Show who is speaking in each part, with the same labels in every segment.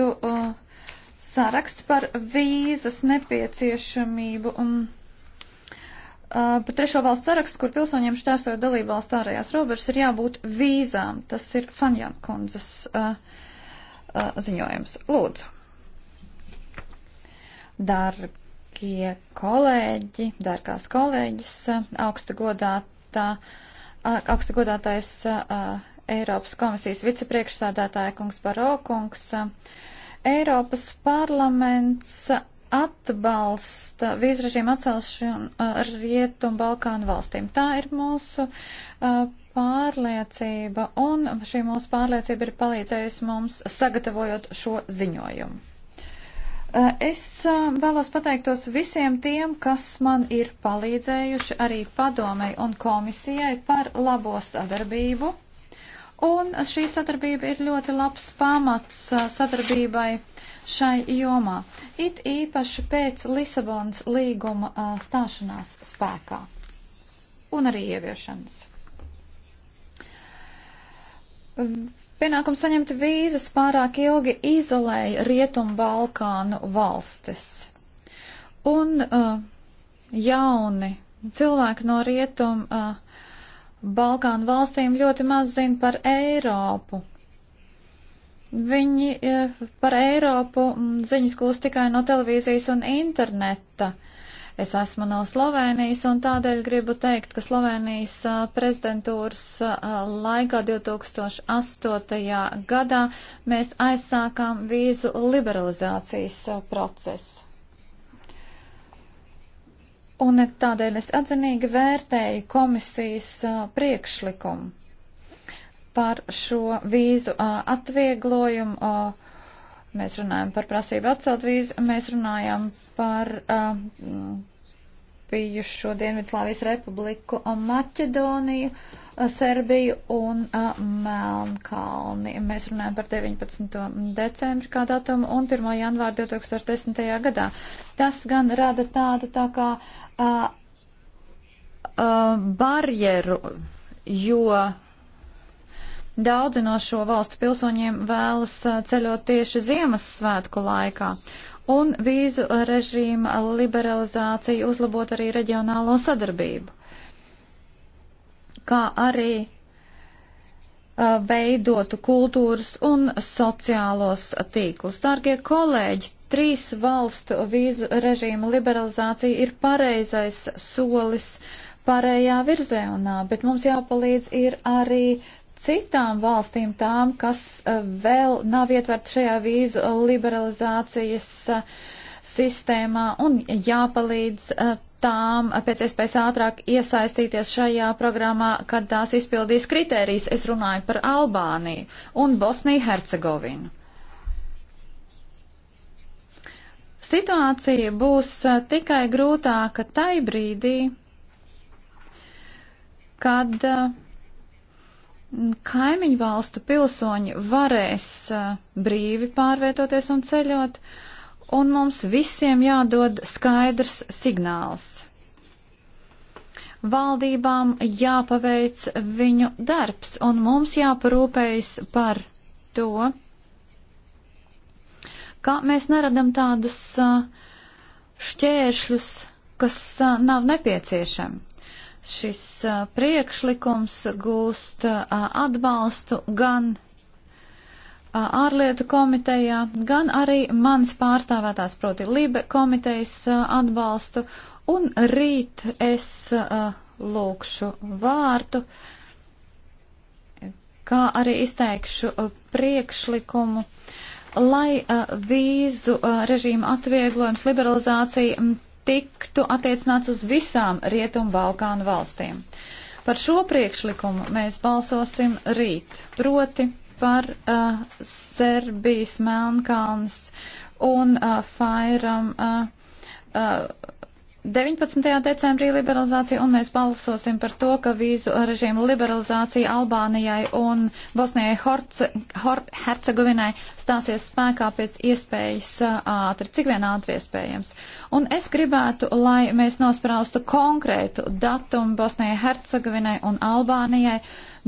Speaker 1: būtu uh, saraksts par vīzas nepieciešamību. Um, Uh, par trešo valstu sarakstu, kur pilsoņiem šķērsojot dalību valstu ārējās robežas, ir jābūt vīzām. Tas ir Fanjan kundzes uh, uh, ziņojums. Lūdzu. Dargie kolēģi, dārgās kolēģis, uh, augsta godātā, uh, augsta godātais uh, Eiropas komisijas vicepriekšsādātāja kungs Barokungs. Uh, Eiropas parlaments atbalsta vīzrežīmu atcelšanu Rietumu Balkānu valstīm. Tā ir mūsu uh, pārliecība, un šī mūsu pārliecība ir palīdzējusi mums sagatavojot šo ziņojumu. Es vēlos pateiktos visiem tiem, kas man ir palīdzējuši arī padomei un komisijai par labo sadarbību Un šī sadarbība ir ļoti labs pamats sadarbībai šai jomā, it īpaši pēc Lisabonas līguma stāšanās spēkā un arī ieviešanas. Pienākums saņemt vīzas pārāk ilgi izolēja Rietumu Balkānu valstis. Un uh, jauni cilvēki no Rietumu uh, Balkānu valstīm ļoti maz zina par Eiropu. Viņi e, par Eiropu ziņas gūst tikai no televīzijas un interneta. Es esmu no Slovenijas un tādēļ gribu teikt, ka Slovenijas e, prezidentūras e, laikā 2008. gadā mēs aizsākām vīzu liberalizācijas procesu. Un tādēļ es atzinīgi vērtēju komisijas priekšlikumu par šo vīzu atvieglojumu. Mēs runājam par prasību atcelt vīzu, mēs runājam par bijušo Dienvidslāvijas republiku un Maķedoniju. Uh, Serbiju un Melnkalni. Mēs runājam par 19. decembri kā datumu un 1. janvāru 2010. gadā. Tas gan rada tādu tā kā uh, uh, barjeru, jo. Daudzi no šo valstu pilsoņiem vēlas ceļot tieši Ziemassvētku laikā, un vīzu režīma liberalizācija uzlabot arī reģionālo sadarbību kā arī veidotu kultūras un sociālos tīklus. Dārgie kolēģi, trīs valstu vīzu režīmu liberalizācija ir pareizais solis pareizajā virzienā, bet mums jāpalīdz ir arī citām valstīm tām, kas vēl nav ietvert šajā vīzu liberalizācijas sistēmā un jāpalīdz tām pēc iespējas ātrāk iesaistīties šajā programmā, kad tās izpildīs kritērijas. Es runāju par Albāniju un Bosniju Hercegovinu. Situācija būs eh, tikai grūtāka tai brīdī, kad eh, kaimiņu valstu pilsoņi varēs eh, brīvi pārvietoties un ceļot, uh, un mums visiem jādod skaidrs signāls. Valdībām jāpaveic viņu darbs, un mums jāparūpējas par to, kā mēs neradam tādus šķēršļus, kas nav nepieciešami šis priekšlikums gūst atbalstu gan ārlietu komitejā, gan arī mans pārstāvētās, proti, Libe komitejas atbalstu, un rīt es lūkšu vārtu, kā arī izteikšu priekšlikumu, lai vīzu režīma atvieglojums, liberalizācija tiktu attiecināts uz visām Rietumu Balkānu valstīm. Par šo priekšlikumu mēs balsosim rīt, proti par uh, Serbijas Melnkalnes un uh, Fairam. Uh, uh, 19. decembrī liberalizācija, un mēs balsosim par to, ka vīzu režīmu liberalizācija Albānijai un Bosnijai Hercegovinai stāsies spēkā pēc iespējas uh, ātri, cik vien ātri iespējams. Un es gribētu, lai mēs nospraustu konkrētu datumu Bosnijai, Hercegovinai un Albānijai,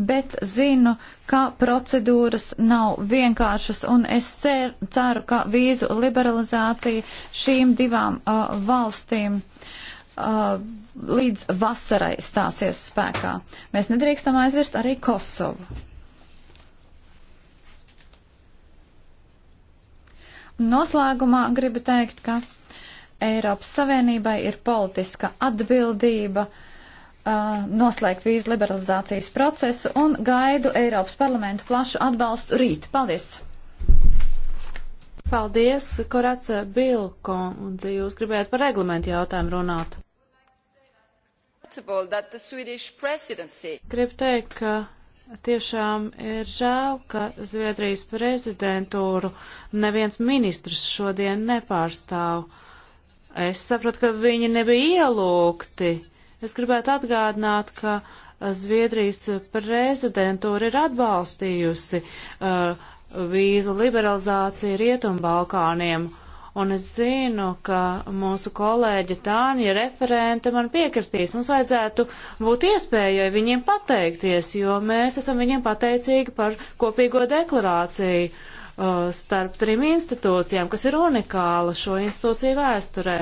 Speaker 1: bet zinu, ka procedūras nav vienkāršas, un es cer, ceru, ka vīzu liberalizācija šīm divām uh, valstīm uh, līdz vasarai stāsies spēkā. Mēs nedrīkstam aizvirst arī Kosovu. Noslēgumā gribu teikt, ka Eiropas Savienībai ir politiska atbildība uh, noslēgt vīzu liberalizācijas procesu un gaidu Eiropas parlamenta plašu atbalstu rīt. Paldies!
Speaker 2: Paldies, Korace Bilko, un jūs gribējāt par reglamentu jautājumu runāt. Gribu teikt, ka Tiešām ir žēl, ka Zviedrijas prezidentūru neviens ministrs šodien nepārstāv. Es sapratu, ka viņi nebija ielūgti. Es gribētu atgādināt, ka Zviedrijas prezidentūra ir atbalstījusi uh, vīzu liberalizāciju Rietumbalkāniem. Uh, Un es zinu, ka mūsu kolēģi Tāņa referente man piekritīs. Mums vajadzētu būt iespējai viņiem pateikties, jo mēs esam viņiem pateicīgi par kopīgo deklarāciju uh, starp trim institūcijām, kas ir unikāla šo institūciju vēsturē.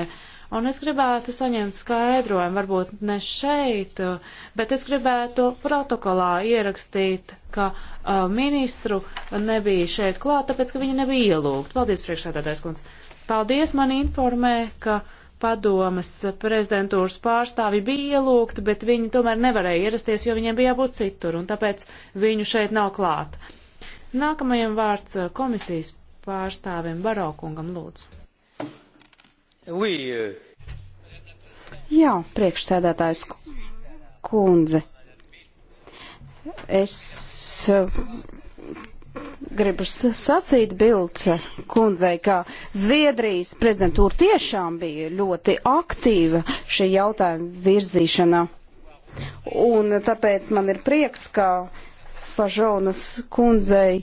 Speaker 2: Un es gribētu saņemt skaidrojumu, varbūt ne šeit, uh, bet es gribētu protokolā ierakstīt, ka uh, ministru nebija šeit klāt, tāpēc, ka viņa nebija ielūgt. Paldies, priekšsēdētājs kundze. Paldies, man informē, ka padomas prezidentūras pārstāvi bija ielūgti, bet viņi tomēr nevarēja ierasties, jo viņiem bija jābūt citur, un tāpēc viņu šeit nav klāt. Nākamajam vārds eh, komisijas pārstāvim Barokungam lūdzu. Oui, uh...
Speaker 3: Jā, priekšsēdētājs kundze. Es eh, gribu sacīt Bilte kundzei, ka Zviedrijas prezidentūra tiešām bija ļoti aktīva šī jautājuma virzīšanā. Un tāpēc man ir prieks, ka Fažonas kundzei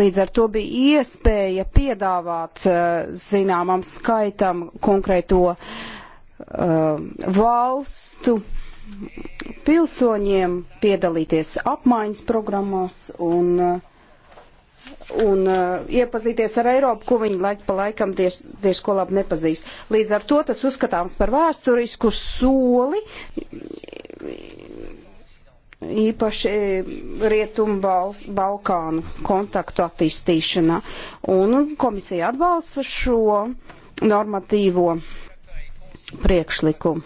Speaker 3: līdz ar to bija iespēja piedāvāt uh, zināmam skaitam konkrēto uh, valstu pilsoņiem piedalīties apmaiņas programmās un uh, un uh, iepazīties ar Eiropu, ko viņi laik pa laikam diezko labi nepazīst. Līdz ar to tas uzskatāms par vēsturisku soli, īpaši eh, Rietumu Bals Balkānu kontaktu attīstīšanā. Un komisija atbalsta šo normatīvo priekšlikumu.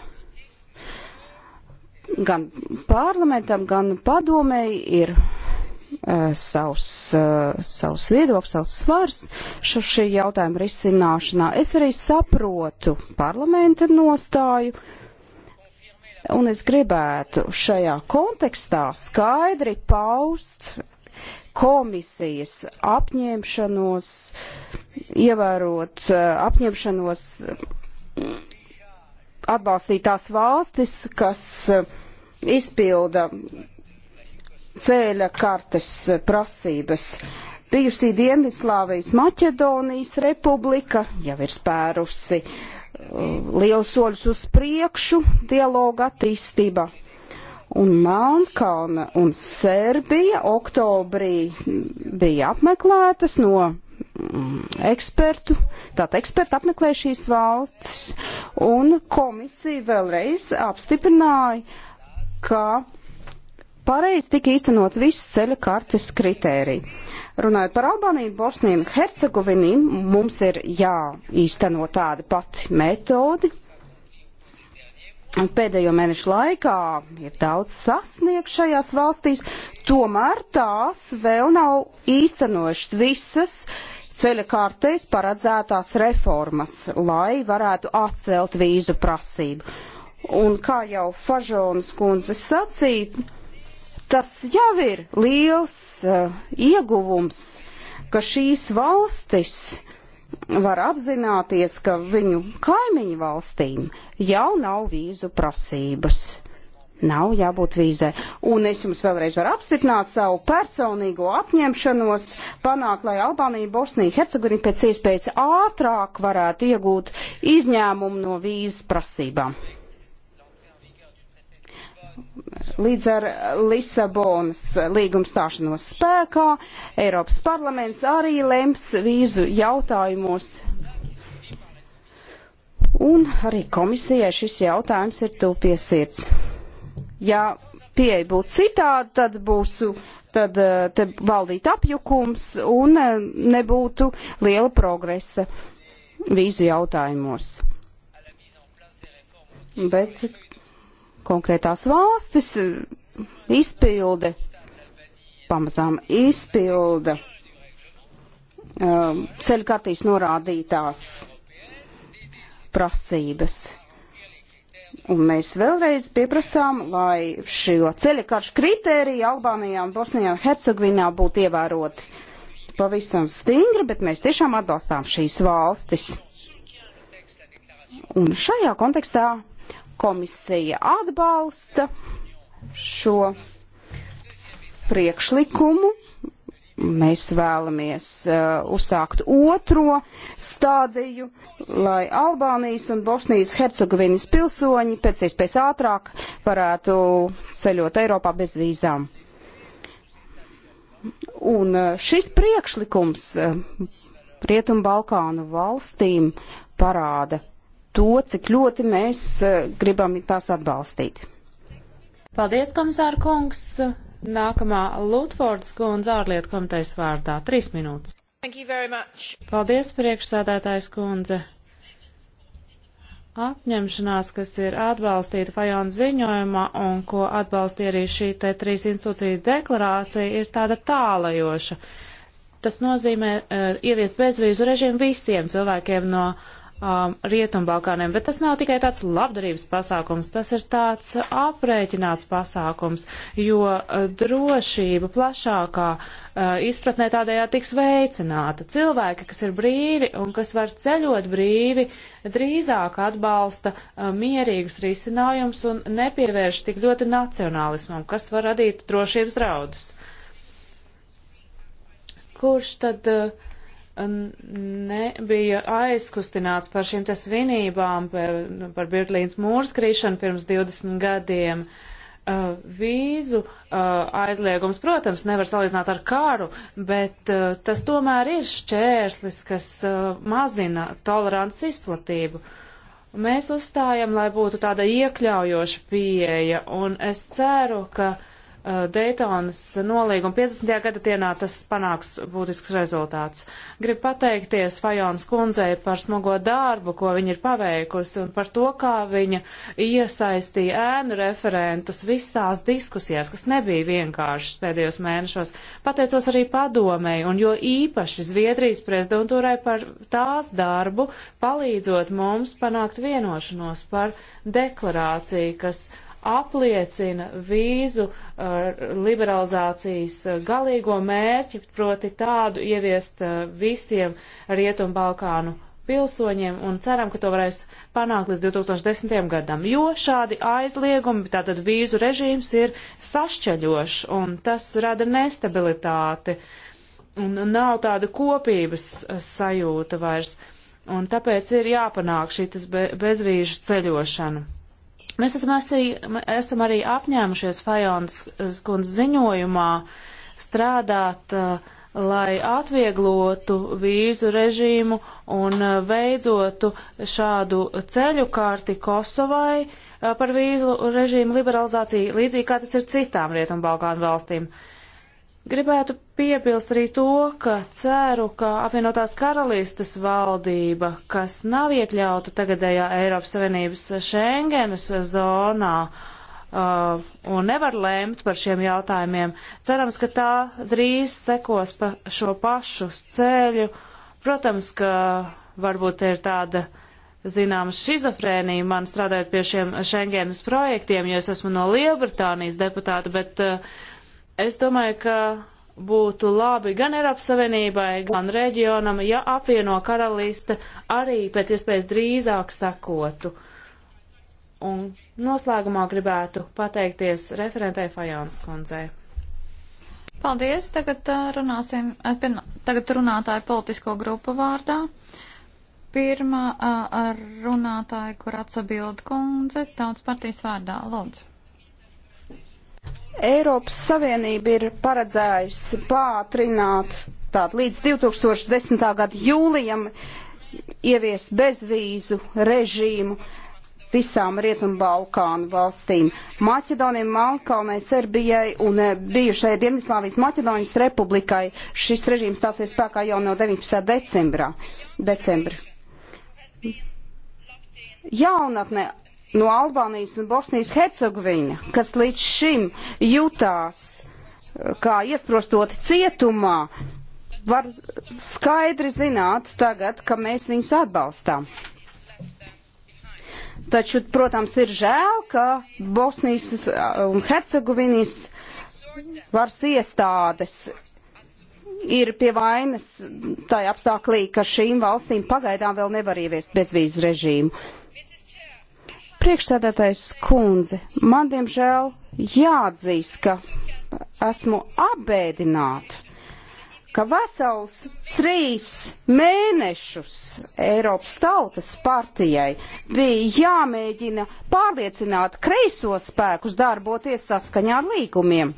Speaker 3: Gan parlamentam, gan padomēji ir Eh, savs, eh, savs viedoklis, savs svars šo šī jautājuma risināšanā. Es arī saprotu parlamenta nostāju, un es gribētu šajā kontekstā skaidri paust komisijas apņemšanos, ievērot eh, apņemšanos atbalstīt tās valstis, kas izpilda ceļa kartes prasības. Bijusī Dienvidslāvijas Maķedonijas republika jau ir spērusi uh, liels soļus uz priekšu dialoga attīstībā. Un Melnkalna un Serbija oktobrī bija apmeklētas no mm, ekspertu, tātad eksperti apmeklēja šīs valstis, un komisija vēlreiz apstiprināja, ka uh, pareizi tika īstenot viss ceļa kartes kritērija. Runājot par Albāniju, Bosniju un Hercegoviniju, mums ir jāīsteno tādi pati metodi. Pēdējo mēnešu laikā ir daudz sasniegt šajās valstīs, tomēr tās vēl nav īstenojušas visas ceļa kārtēs paredzētās reformas, lai varētu atcelt vīzu prasību. Un kā jau Fažonas kundze sacīja, Tas jau ir liels uh, ieguvums, ka šīs valstis var apzināties, ka viņu kaimiņu valstīm jau nav vīzu prasības. Nav jābūt vīzē. Un es jums vēlreiz varu apstiprināt savu personīgo apņemšanos panākt, lai Albānija, Bosnija, Hercegovina pēc iespējas ātrāk varētu iegūt izņēmumu no vīzas prasībām. Līdz ar Lisabonas līguma stāšanos spēkā Eiropas parlaments arī lems vīzu jautājumos. Un arī komisijai šis jautājums ir tuvu piesirds. Ja pieeja būtu citāda, tad būtu tad eh, te valdītu apjukums un eh, nebūtu liela progresa vīzu jautājumos. Bet konkrētās valstis izpilde, pamazām izpilda um, ceļkartīs norādītās prasības. Un mēs vēlreiz pieprasām, lai šo ceļkaršu kritēriju Albānijā un Bosnijā un Hercegvinā būtu ievēroti pavisam stingri, bet mēs tiešām atbalstām šīs valstis. Un šajā kontekstā Komisija atbalsta šo priekšlikumu. Mēs vēlamies uh, uzsākt otro stadiju, lai Albānijas un Bosnijas Hercegovinas pilsoņi pēc iespējas ātrāk varētu ceļot Eiropā bez vīzām. Un uh, šis priekšlikums uh, Rietumbalkānu valstīm parāda, to, cik ļoti mēs eh, gribam
Speaker 2: tās atbalstīt. Paldies, komisāra kungs! Nākamā Lutfords kundze ārlietu komitejas vārdā. Trīs minūtes. Paldies, priekšsādātājs kundze! apņemšanās, kas ir atbalstīta Fajona ziņojumā un ko atbalstīja arī šī te trīs institūcija deklarācija, ir tāda tālajoša. Tas nozīmē uh, ieviest bezvīzu režīmu visiem cilvēkiem no uh, um, Rietumbalkāniem, bet tas nav tikai tāds labdarības pasākums, tas ir tāds aprēķināts pasākums, jo uh, drošība plašākā uh, izpratnē tādējā tiks veicināta. Cilvēki, kas ir brīvi un kas var ceļot brīvi, drīzāk atbalsta uh, mierīgus risinājumus un nepievērš tik ļoti nacionālismam, kas var radīt drošības draudus. Kurš tad uh, nebija aizkustināts par šīm te svinībām, par, nu, par Birtlīnas mūras krīšanu pirms 20 gadiem. Uh, vīzu uh, aizliegums, protams, nevar salīdzināt ar kāru, bet uh, tas tomēr ir šķērslis, kas uh, mazina tolerants izplatību. Mēs uzstājam, lai būtu tāda iekļaujoša pieeja, un es ceru, ka uh, Eh, Daytonas nolīguma 50. gada dienā tas panāks būtisks rezultāts. Gribu pateikties Fajons kundzei par smago darbu, ko viņa ir paveikusi, un par to, kā viņa iesaistīja ēnu referentus visās diskusijās, kas nebija vienkāršas pēdējos mēnešos. Pateicos arī padomēji, un jo īpaši Zviedrijas prezidentūrai par tās darbu, palīdzot mums panākt vienošanos par deklarāciju, kas apliecina vīzu uh, liberalizācijas uh, galīgo mērķi, proti tādu ieviest uh, visiem Rietumbalkānu pilsoņiem un ceram, ka to varēs panākt līdz 2010. gadam, jo šādi aizliegumi, tātad vīzu režīms ir sašķeļošs un tas rada nestabilitāti un nav tāda kopības sajūta vairs. Un tāpēc ir jāpanāk šī bezvīžu ceļošana. Mēs esam, esī, esam arī apņēmušies Fajons eh, kundz ziņojumā strādāt, eh, lai atvieglotu vīzu režīmu un eh, veidotu šādu ceļu kārti Kosovai par vīzu režīmu liberalizāciju, līdzīgi kā tas ir citām Rietumbalkānu valstīm. Uh, Gribētu piebilst arī to, ka ceru, ka apvienotās karalistes valdība, kas nav iekļauta tagadējā Eiropas Savienības Schengenas zonā uh, un nevar lēmt par šiem jautājumiem, cerams, ka tā drīz sekos pa šo pašu ceļu. Protams, ka varbūt ir tāda zināma šizofrēnija man strādājot pie šiem Schengenas projektiem, jo es esmu no Lielbritānijas deputāta, bet uh, Es domāju, ka būtu labi gan Eiropas Savienībai, gan reģionam, ja apvieno karaliste arī pēc iespējas drīzāk sakotu. Un noslēgumā gribētu pateikties referentai Fajons kundzei.
Speaker 1: Paldies, tagad uh, runāsim, eh, tagad runātāju politisko grupu vārdā. Pirmā uh, runātāja, kur atsabild kundze, tautas partijas vārdā, lūdzu.
Speaker 3: Eiropas Savienība ir paredzējusi pātrināt tātad līdz 2010. gada jūlijam ieviest bezvīzu režīmu visām Rietumbalkānu valstīm - Maķedonijai, Malkalnai, Serbijai un eh, bijušai Dienvidslāvijas Maķedonijas republikai. Šis režīms stāsies spēkā jau no 19. decembra. decembra. Jaunatne no Albānijas un Bosnijas Hercegovina, kas līdz šim jutās eh, kā iestrostoti cietumā, var skaidri zināt tagad, ka mēs viņus atbalstām. Taču, protams, ir žēl, ka Bosnijas eh, un Hercegovinas varas iestādes ir pie vainas tā apstāklī, ka šīm valstīm pagaidām vēl nevar ieviest bezvīzu režīmu. Priekšsēdētais kundze, man diemžēl jāatzīst, ka esmu apbēdināta ka vesels trīs mēnešus Eiropas tautas partijai bija jāmēģina pārliecināt kreiso spēkus darboties saskaņā ar līgumiem.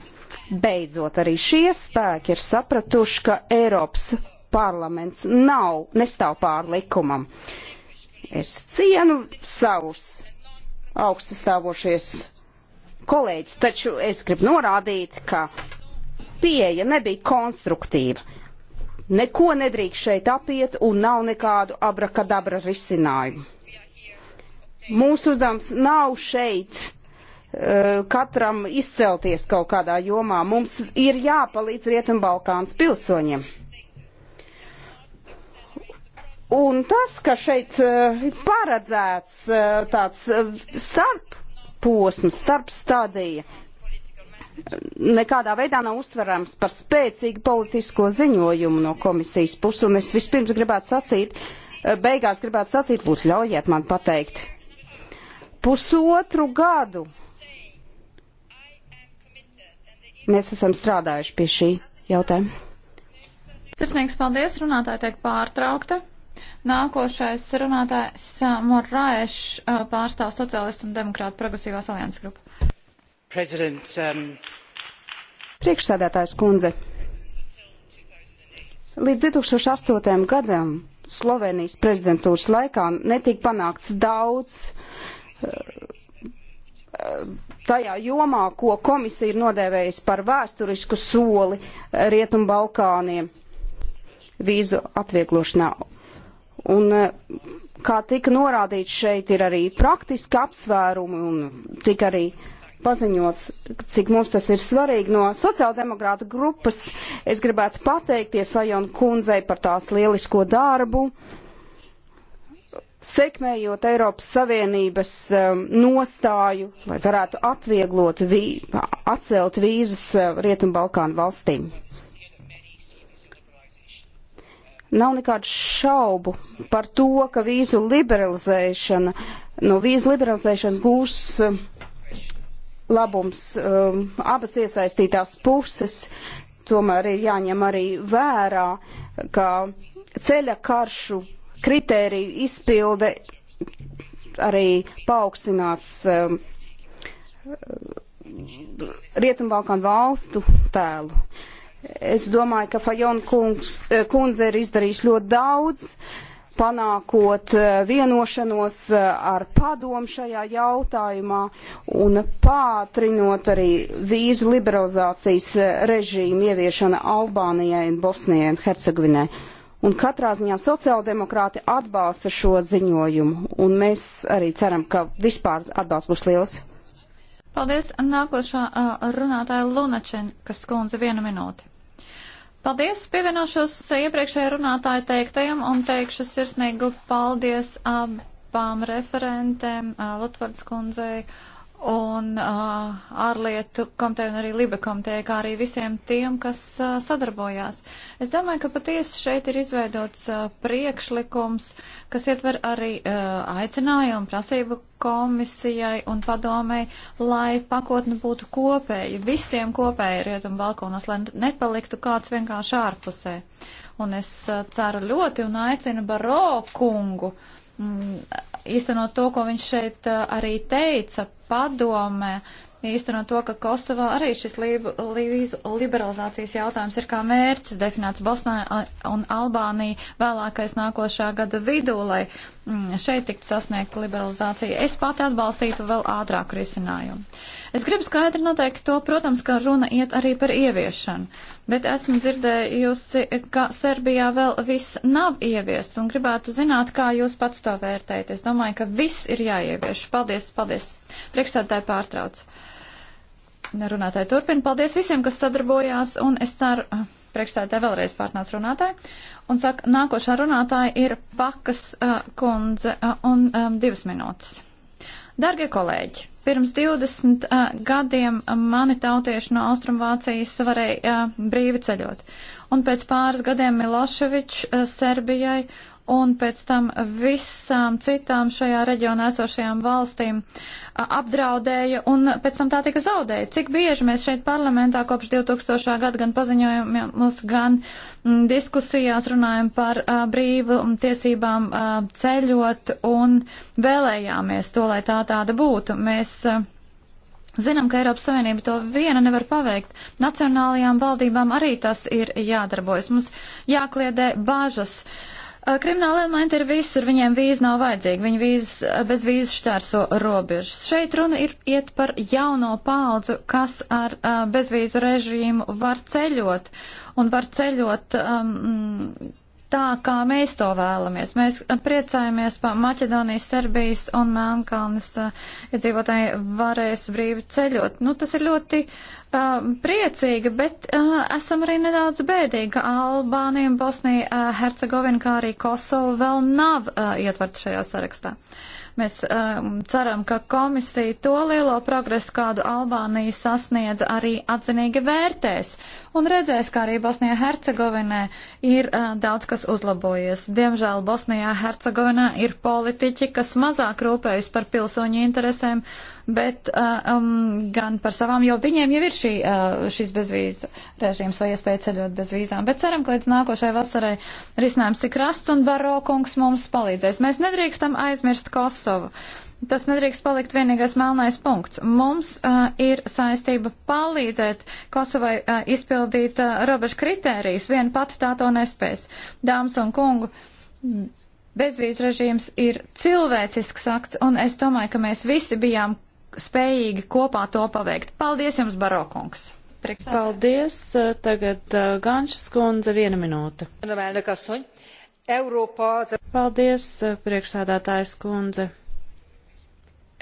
Speaker 3: Beidzot, arī šie spēki ir sapratuši, ka Eiropas parlaments nav, nestāv pār likumam. Es cienu savus augstastāvošies kolēģis, taču es gribu norādīt, ka pieeja nebija konstruktīva. Neko nedrīkst šeit apiet un nav nekādu abrakadabra risinājumu. Mūsu uzdevums nav šeit uh, katram izcelties kaut kādā jomā. Mums ir jāpalīdz Rietumbalkāns pilsoņiem. Un tas, ka šeit eh, paredzēts eh, tāds eh, starp posms, starp stadija, nekādā veidā nav uztverams par spēcīgu politisko ziņojumu no komisijas puses. Un es vispirms gribētu sacīt, beigās gribētu sacīt, lūdzu, ļaujiet man pateikt. Pusotru gadu mēs esam strādājuši pie šī jautājuma.
Speaker 1: Sirsnīgs paldies, runātāja tiek pārtraukta. Nākošais runātājs Morāeš pārstāv Socialistu un Demokrātu
Speaker 3: progresīvās alianses grupu. Um... Priekšsēdētājs kundze. Līdz 2008. gadam Slovenijas prezidentūras laikā netika panākts daudz uh, tajā jomā, ko komisija ir nodēvējusi par vēsturisku soli Rietumbalkāniem vīzu atvieglošanā. Un, e, kā tika norādīts, šeit ir arī praktiski apsvērumi un tika arī paziņots, cik mums tas ir svarīgi no sociāldemokrāta grupas. Es gribētu pateikties Vajonu kundzei par tās lielisko darbu, sekmējot Eiropas Savienības um, nostāju, lai varētu atvieglot, vī, atcelt vīzas uh, Rietumbalkānu valstīm. Nav nekādu šaubu par to, ka vīzu liberalizēšana, no vīzu liberalizēšanas gūs um, labums um, abas iesaistītās puses. Tomēr ir jāņem arī vērā, ka ceļa karšu kritēriju izpilde arī paaugstinās um, Rietumbalkānu valstu tēlu. Es domāju, ka Fajona kungs, eh, kundze ir izdarījusi ļoti daudz, panākot eh, vienošanos eh, ar padomu šajā jautājumā un pātrinot arī vīzu liberalizācijas režīmu ieviešana Albānijai un Bosnijai un Hercegovinai. Un katrā ziņā sociāldemokrāti atbalsta šo ziņojumu, un mēs arī ceram, ka vispār atbalsts būs liels.
Speaker 1: Paldies. Nākošā uh, runātāja Lunačen, kas skundze vienu minūti. Paldies, pievienošos iepriekšējā runātāja teiktajam un teikšu sirsnīgu paldies abām referentēm, Lutvards kundzei un uh, ārlietu komiteja un arī Liba komiteja, kā arī visiem tiem, kas uh, sadarbojās. Es domāju, ka patiesi šeit ir izveidots uh, priekšlikums, kas ietver arī uh, aicinājumu prasību komisijai un padomei, lai pakotne būtu kopēja, visiem kopēja rietumu balkonas, lai nepaliktu kāds vienkārši ārpusē. Un es uh, ceru ļoti un aicinu Baro kungu. Uh, Mm, īstenot to, ko viņš šeit eh, arī teica, padome īstenot to, ka Kosovā arī šis līvīzu liberalizācijas jautājums ir kā mērķis definēts Bosnā un Albānija vēlākais nākošā gada vidū, lai mm, šeit tiktu sasniegta liberalizācija. Es pati atbalstītu vēl ātrāku risinājumu. Es gribu skaidri noteikt to, protams, ka runa iet arī par ieviešanu, bet esmu dzirdējusi, ka Serbijā vēl viss nav ieviests un gribētu zināt, kā jūs pats to vērtējat. Es domāju, ka viss ir jāievieš. Paldies, paldies! Priekšstādātāji pārtrauc. Runātāji turpina. Paldies visiem, kas sadarbojās, un es ceru, ah, priekšstādātāji vēlreiz pārnāc runātāji. Un saka, nākošā runātāja ir Pakas uh, kundze uh, un um, divas minūtes. Dargie kolēģi, pirms 20 uh, gadiem mani tautieši no Austrumvācijas varēja uh, brīvi ceļot. Un pēc pāris gadiem Miloševičs uh, Serbijai un pēc tam visām citām šajā reģionā esošajām valstīm apdraudēja un pēc tam tā tika zaudēja. Cik bieži mēs šeit parlamentā kopš 2000. gada gan paziņojumus, gan m, mm, diskusijās runājam par a, brīvu tiesībām a, ceļot un vēlējāmies to, lai tā tāda būtu. Mēs, a, Zinām, ka Eiropas Savienība to viena nevar paveikt. Nacionālajām valdībām arī tas ir jādarbojas. Mums jākliedē bāžas. Uh, Krimināla elementi ir visur, viņiem vīza nav vajadzīga, viņi vīz, bez vīzas šķērso robežas. Šeit runa ir iet par jauno paudzu, kas ar bezvīzu režīmu var ceļot un var ceļot um, tā, kā mēs to vēlamies. Mēs priecājamies par Maķedonijas, Serbijas un Melnkalnes eh, iedzīvotāji ja varēs brīvi ceļot. Nu, tas ir ļoti uh, priecīgi, bet uh, esam arī nedaudz bēdīgi, ka Albānija un Bosnija, uh, Hercegovina, kā arī Kosova vēl nav uh, ietverta šajā sarakstā. Uh, Mēs um, ceram, ka komisija to lielo progresu, kādu Albānija sasniedz, arī atzinīgi vērtēs un redzēs, ka arī Bosnijā Hercegovinē ir uh, daudz kas uzlabojies. Diemžēl Bosnijā Hercegovinā ir politiķi, kas mazāk rūpējas par pilsoņu interesēm bet uh, um, gan par savām, jo viņiem jau ir šī, uh, šis bezvīzu režīms vai iespēja ceļot bez vīzām. Bet ceram, ka līdz nākošai vasarai risinājums tik rasts un barokungs mums palīdzēs. Mēs nedrīkstam aizmirst Kosovu. Tas nedrīkst palikt vienīgais melnais punkts. Mums uh, ir saistība palīdzēt Kosovai uh, izpildīt uh, robežu kritērijus. Viena pati tā to nespēs. Dāmas un kungu, bezvīz režīms ir cilvēcisks akts, un es domāju, ka mēs visi bijām
Speaker 2: spējīgi kopā to paveikt. Paldies jums, Barokungs! Paldies! Eh, tagad eh, Ganšas kundze viena minūte. Paldies, eh, priekšsādātājs kundze!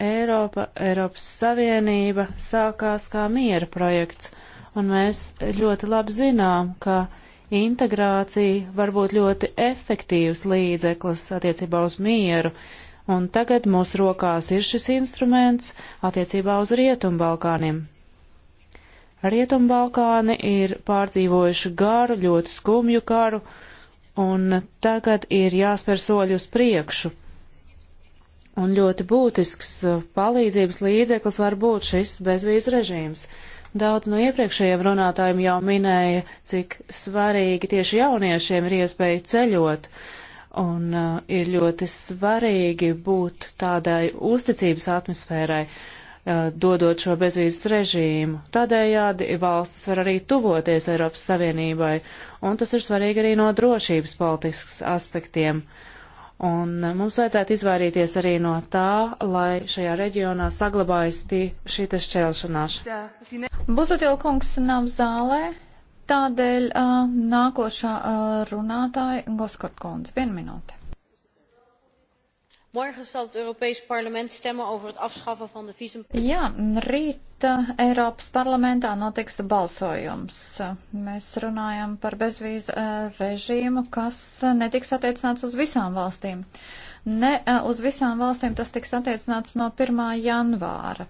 Speaker 2: Eiropa, Eiropas Savienība sākās kā miera projekts, un mēs ļoti labi zinām, ka integrācija var būt ļoti efektīvs līdzeklis attiecībā uz mieru. Uh, un tagad mūsu rokās ir šis instruments attiecībā uz Rietumbalkāniem. Rietumbalkāni ir pārdzīvojuši garu, ļoti skumju karu, un tagad ir jāspēr soļi uz priekšu. Un ļoti būtisks uh, palīdzības līdzeklis var būt šis bezvīzu režīms. Daudz no iepriekšējiem runātājiem jau minēja, cik svarīgi tieši jauniešiem ir iespēja ceļot. Uh, Un uh, ir ļoti svarīgi būt tādai uzticības atmosfērai, uh, dodot šo bezvīzes režīmu. Tādējādi valstis var arī tuvoties Eiropas Savienībai, un tas ir svarīgi arī no drošības politisks aspektiem. Un uh, mums vajadzētu izvairīties arī no tā, lai šajā reģionā saglabājas šī šķelšanās.
Speaker 1: Buzotilkungs nav zālē. Tādēļ uh, nākošā uh, runātāja Goskort Kondze. Vienu minūti.
Speaker 3: Morgen zal het Europees Parlement stemmen over het afschaffen van de visum.
Speaker 1: Jā, rīt uh, Eiropas parlamentā notiks balsojums. Mēs runājam par bezvīzu uh, režīmu, kas netiks attiecināts uz visām valstīm. Ne uh, uz visām valstīm tas tiks attiecināts no 1. janvāra.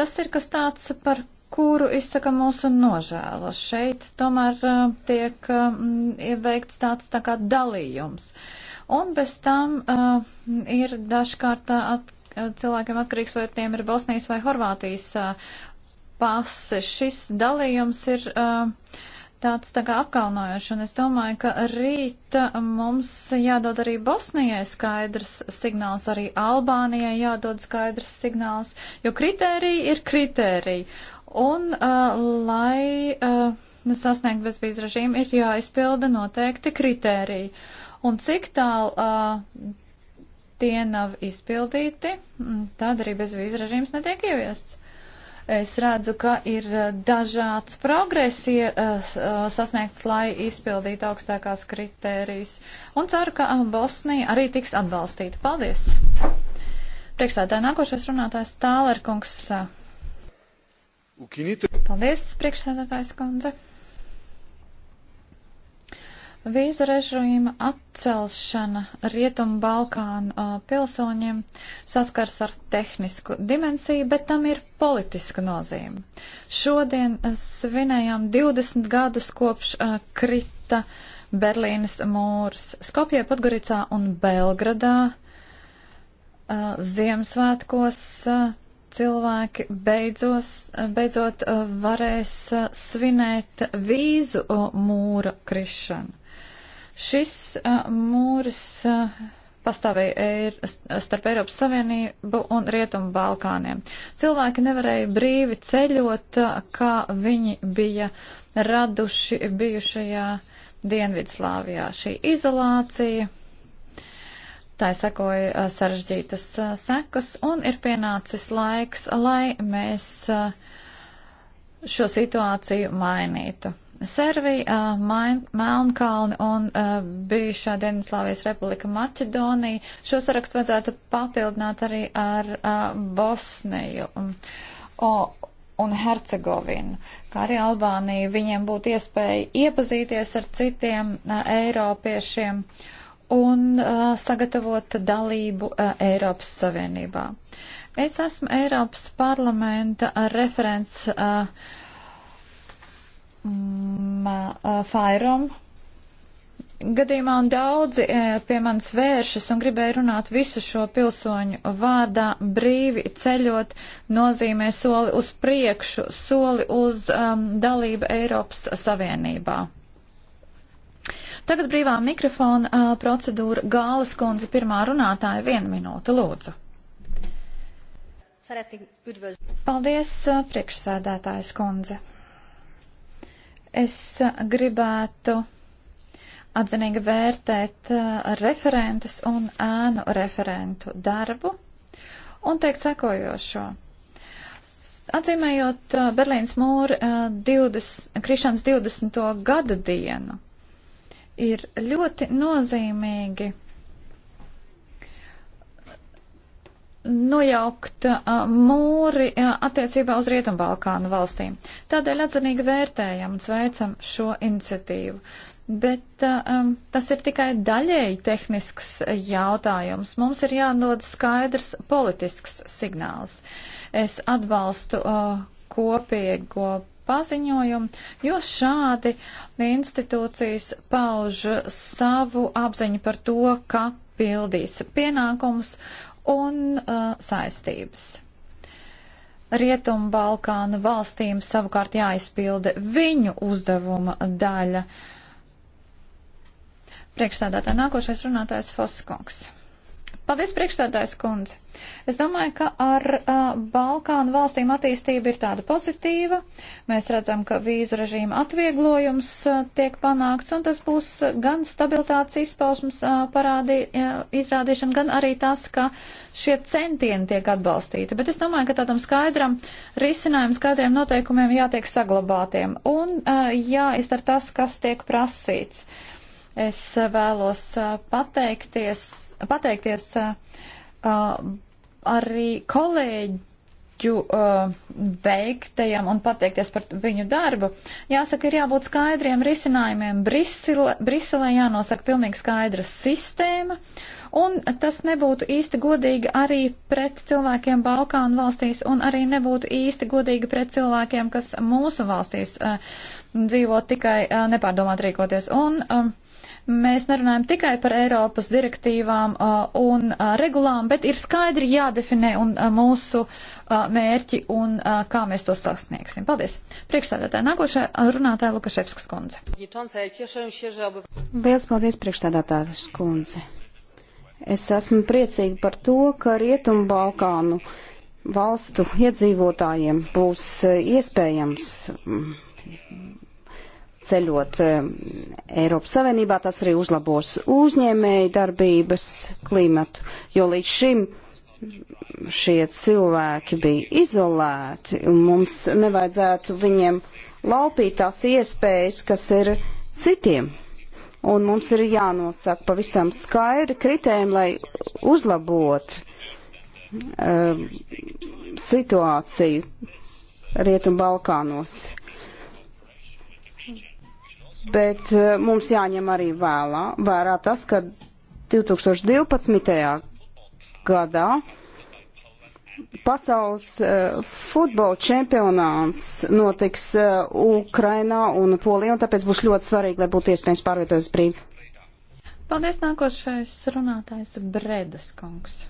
Speaker 1: Tas ir kas tāds, par kuru izsaka mūsu nožēla. Šeit tomēr uh, tiek uh, um, veikts tāds tā kā dalījums. Un bez tam uh, ir dažkārt uh, at, uh, cilvēkiem atkarīgs, vai tiem ir Bosnijas vai Horvātijas uh, pase. Šis dalījums ir uh, tāds tā kā apkaunojošs, un es domāju, ka rīt uh, mums jādod arī Bosnijai skaidrs signāls, arī Albānijai jādod skaidrs signāls, jo kritērija ir kritērija. Un, uh, lai uh, sasniegtu bezvīzu režīmu, ir jāizpilda noteikti kritēriji. Un cik tālu uh, tie nav izpildīti, mm, tad arī bezvīzu režīms netiek ieviests. Es redzu, ka ir uh, dažāds progress uh, uh, sasniegts, lai izpildītu augstākās kritērijas. Un ceru, ka uh, Bosnija arī tiks atbalstīta. Paldies! Priekšstādā nākošais runātājs Tālerkungs. Uh, Paldies, priekšsēdētājs kundze. Vīzu režīma atcelšana Rietumu Balkānu pilsoņiem saskars ar tehnisku dimensiju, bet tam ir politiska nozīme. Šodien svinējām 20 gadus kopš a, krita Berlīnas mūrs Skopjē, Podgoricā un Belgradā. A, Ziemassvētkos cilvēki beidzos, beidzot eh, varēs eh, svinēt vīzu eh, mūra krišanu. Šis mūris pastāvēja starp Eiropas Savienību un Rietumu Balkāniem. Cilvēki nevarēja brīvi ceļot, kā viņi bija raduši bijušajā Dienvidslāvijā. Šī izolācija tai sekoja sarežģītas sekas, un ir pienācis laiks, lai mēs šo situāciju mainītu. Servija, Melnkalni un bijušā Dienvidslāvijas republika Maķedonija. Šo sarakstu vajadzētu papildināt arī ar Bosniju um, un Hercegovinu, kā arī Albāniju. Viņiem būtu iespēja iepazīties ar citiem eiropiešiem un uh, sagatavot dalību uh, Eiropas Savienībā. Es esmu Eiropas parlamenta uh, referents uh, um, uh, Fairom gadījumā, un daudzi pie manis vēršas un gribēja runāt visu šo pilsoņu vārdā, brīvi ceļot, nozīmē soli uz priekšu, soli uz um, dalību Eiropas Savienībā. Tagad brīvā mikrofona uh, procedūra Gāles kundze pirmā runātāja vienu minūte lūdzu. Paldies, uh, priekšsēdētājs kundze. Es uh, gribētu atzinīgi vērtēt uh, referentes un ēnu referentu darbu un teikt sekojošo. Atzīmējot Berlīnas mūra 20, krišanas 20. gada dienu, ir ļoti nozīmīgi nojaukt mūri attiecībā uz Rietumbalkānu valstīm. Tādēļ atzinīgi vērtējam un sveicam šo iniciatīvu. Bet um, tas ir tikai daļēji tehnisks jautājums. Mums ir jādod skaidrs politisks signāls. Es atbalstu uh, kopīgo paziņojumu, jo šādi institūcijas pauž savu apziņu par to, ka pildīs pienākumus un uh, saistības. Rietumu Balkānu valstīm savukārt jāizpilda viņu uzdevuma daļa. Priekšstādātā nākošais runātājs Foskungs. Paldies, priekšstādājs kundze. Es domāju, ka ar uh, Balkānu valstīm attīstība ir tāda pozitīva. Mēs redzam, ka vīzu režīma atvieglojums uh, tiek panākts, un tas būs gan stabilitātes izpausmas uh, parādi, uh, izrādīšana, gan arī tas, ka šie centieni tiek atbalstīti. Bet es domāju, ka tādam skaidram risinājumam, skaidriem noteikumiem jātiek saglabātiem un uh, jāizdara tas, kas tiek prasīts. Uh, Es eh, vēlos eh, pateikties, pateikties eh, arī kolēģu veiktajam un pateikties par viņu darbu. Jāsaka, ir jābūt skaidriem risinājumiem. Briselē jānosaka pilnīgi skaidra sistēma, un tas nebūtu īsti godīgi arī pret cilvēkiem Balkānu valstīs, un arī nebūtu īsti godīgi pret cilvēkiem, kas mūsu valstīs dzīvo tikai nepārdomāt rīkoties. Un, um, Mēs nerunājam tikai par Eiropas direktīvām uh, un uh, regulām, bet ir skaidri jādefinē un uh, mūsu mērķi un kā mēs to sasniegsim. Paldies. Priekšstādātāja nākošā runātāja Lukaševskas kundze.
Speaker 3: Liels paldies, priekšstādātājas kundze. Es esmu priecīga par to, ka Rietumbalkānu valstu iedzīvotājiem būs iespējams ceļot um, Eiropas Savienībā, tas arī uzlabos uzņēmēju darbības klimatu, jo līdz šim šie cilvēki bija izolēti un mums nevajadzētu viņiem laupīt tās iespējas, kas ir citiem. Un mums ir jānosaka pavisam skaidri kritēm, lai uzlabot um, situāciju Rietumbalkānos bet eh, mums jāņem arī vēlā, vērā tas, ka 2012. gadā pasaules eh, futbola čempionāts notiks eh, Ukrainā un Polijā, un tāpēc būs ļoti svarīgi, lai būtu iespējams pārvietoties brīvi.
Speaker 1: Paldies, nākošais runātājs Bredas kungs.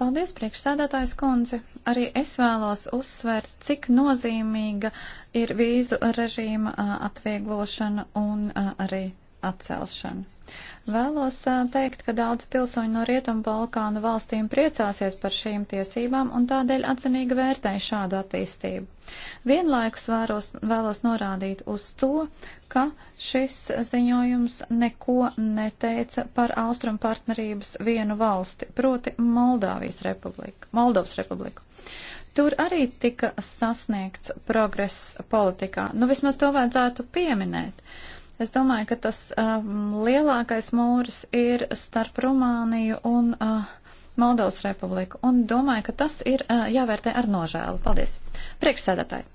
Speaker 1: Paldies, priekšsēdētājs kundze. Arī es vēlos uzsvērt, cik nozīmīga ir vīzu režīma atvieglošana un arī atcelšana. Vēlos teikt, ka daudz pilsoņu no Rietumu Balkānu valstīm priecāsies par šīm tiesībām un tādēļ atzinīgi vērtēju šādu attīstību. Vienlaikus vēros, vēlos norādīt uz to, ka šis ziņojums neko neteica par Austrum partnerības vienu valsti, proti Moldāvijas republiku, Moldovas republiku. Tur arī tika sasniegts progress politikā. Nu, vismaz to vajadzētu pieminēt. Uh, Es domāju, ka tas um, lielākais mūris ir starp Rumāniju un uh, Moldovas republiku, un domāju, ka tas ir uh, jāvērtē ar nožēlu. Paldies. Priekšsēdētāji.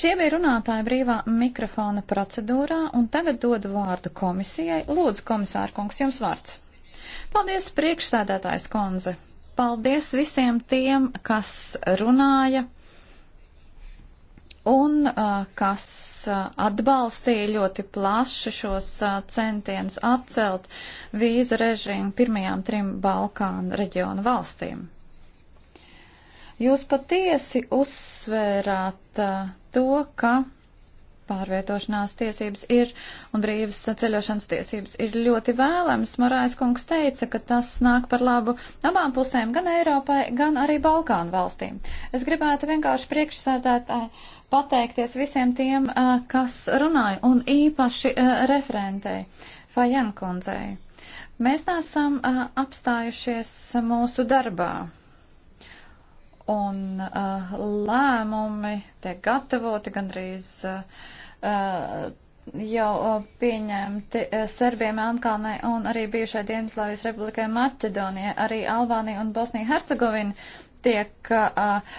Speaker 1: Šie bija runātāji brīvā mikrofona procedūrā, un tagad dodu vārdu komisijai. Lūdzu, komisārkungs, jums vārds. Paldies, priekšsēdētājs Konze paldies visiem tiem, kas runāja, un kas atbalstīja ļoti plaši šos centienus atcelt vīza režīmu pirmajām trim Balkānu reģionu valstīm. Jūs patiesi uzsvērāt to, ka pārvietošanās tiesības ir un brīvas ceļošanas tiesības ir ļoti vēlams. Marais kungs teica, ka tas nāk par labu abām pusēm, gan Eiropai, gan arī Balkānu valstīm. Es gribētu vienkārši priekšsēdētāji pateikties visiem tiem, kas runāja un īpaši referentei Fajan kundzei. Mēs neesam apstājušies mūsu darbā un uh, lēmumi tiek gatavoti gandrīz uh, Uh, jau uh, pieņemti uh, Serbijai, Melnkalnai un arī bijušai Dienaslāvijas republikai Maķedonijai, arī Albānija un Bosnija Hercegovina tiek uh,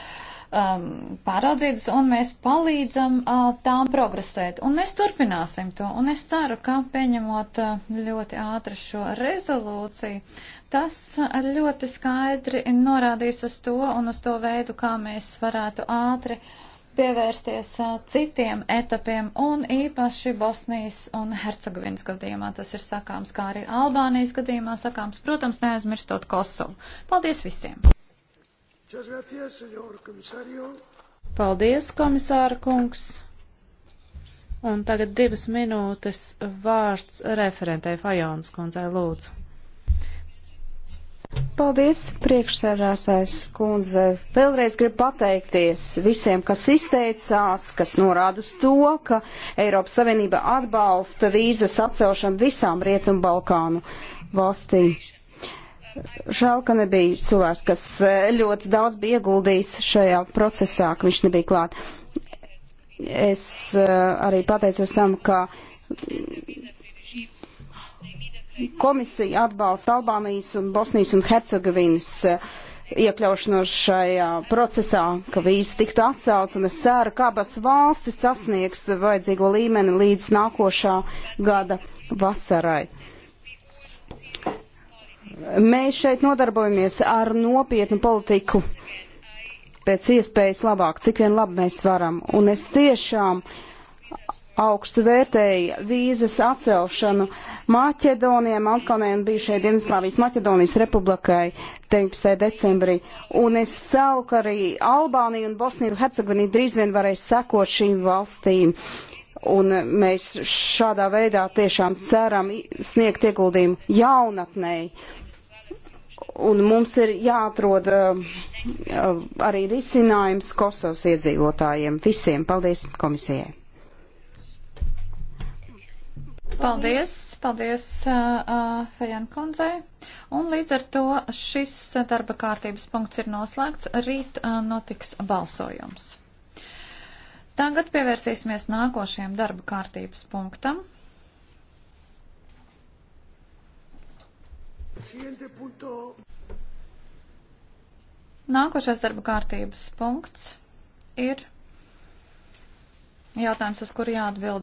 Speaker 1: um, pāraudzītas un mēs palīdzam uh, tām progresēt. Un mēs turpināsim to. Un es ceru, ka pieņemot uh, ļoti ātri šo rezolūciju, tas uh, ļoti skaidri norādīs uz to un uz to veidu, kā mēs varētu ātri uh, pievērsties citiem etapiem, un īpaši Bosnijas un Hercegovinas gadījumā tas ir sakāms, kā arī Albānijas gadījumā sakāms, protams, neaizmirstot Kosovu. Paldies visiem!
Speaker 2: Paldies, komisāra kungs! Un tagad divas minūtes vārds referentei Fajons kundzei lūdzu.
Speaker 3: Paldies, priekšsēdētājs kundze. Vēlreiz gribu pateikties visiem, kas izteicās, kas norāda uz to, ka Eiropas Savienība atbalsta vīzas atcelšanu visām Rietumu Balkānu valstīm. Žēl, ka nebija cilvēks, kas eh, ļoti daudz bija ieguldījis šajā procesā, ka viņš nebija klāt. Es eh, arī pateicos tam, ka komisija atbalsta Albānijas un Bosnijas un Hercegovinas eh, iekļaušanos šajā procesā, ka vīzis tiktu atcelts, un es ceru, ka abas valstis sasniegs vajadzīgo līmeni līdz nākošā gada vasarai. Mēs šeit nodarbojamies ar nopietnu politiku pēc iespējas labāk, cik vien labi mēs varam, un es tiešām augstu vērtēja vīzas atcelšanu Maķedonijai, Malkanai un bijušajai Dienaslāvijas Maķedonijas republikai 19. decembrī. Un es ceru, ka arī Albānija un Bosnija un Hercegovina drīz vien varēs sekot šīm valstīm. Un mēs šādā veidā tiešām ceram sniegt ieguldījumu jaunatnēji un mums ir jāatrod uh, arī risinājums Kosovas iedzīvotājiem visiem. Paldies komisijai!
Speaker 1: Paldies, paldies uh, Fejan kundzei. Un līdz ar to šis darba kārtības punkts ir noslēgts. Rīt uh, notiks balsojums. Tagad pievērsīsimies nākošajam darba kārtības punktam. Nākošais darba kārtības punkts ir jautājums, uz kuru jāatbild.